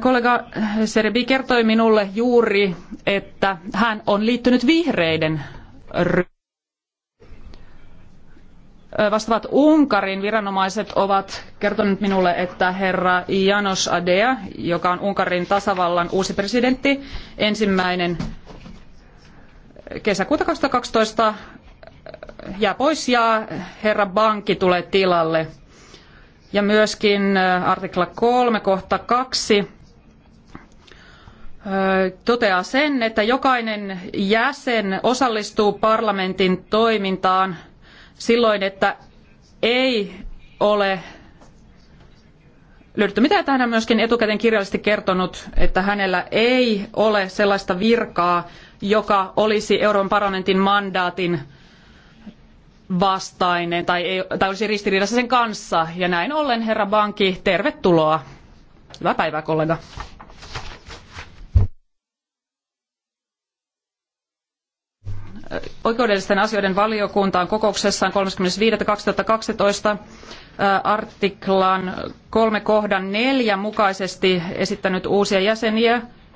Kollega Serbi kertoi minulle juuri, että hän on liittynyt vihreiden ryhmään. Vastaavat Unkarin viranomaiset ovat kertoneet minulle, että herra Janos Adea, joka on Unkarin tasavallan uusi presidentti, ensimmäinen kesäkuuta 2012 jää pois ja herra Banki tulee tilalle. Ja myöskin artikla 3 kohta 2 toteaa sen, että jokainen jäsen osallistuu parlamentin toimintaan silloin, että ei ole löydetty mitään, että hän on myöskin etukäteen kirjallisesti kertonut, että hänellä ei ole sellaista virkaa, joka olisi Euroopan parlamentin mandaatin vastainen tai, ei, tai olisi ristiriidassa sen kanssa. Ja näin ollen, herra Banki, tervetuloa. Hyvää päivää, kollega. oikeudellisten asioiden valiokunta kokouksessaan 35.2012 äh, artiklan 3 kohdan 4 mukaisesti esittänyt uusia jäseniä